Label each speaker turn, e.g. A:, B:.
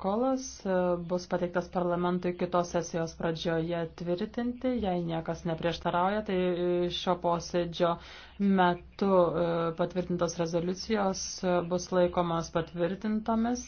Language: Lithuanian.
A: protokolas e, bus pateiktas parlamentui kitos sesijos pradžioje tvirtinti. Jei niekas neprieštarauja, tai e, šio posėdžio metu e, patvirtintos rezoliucijos bus laikomas patvirtintomis.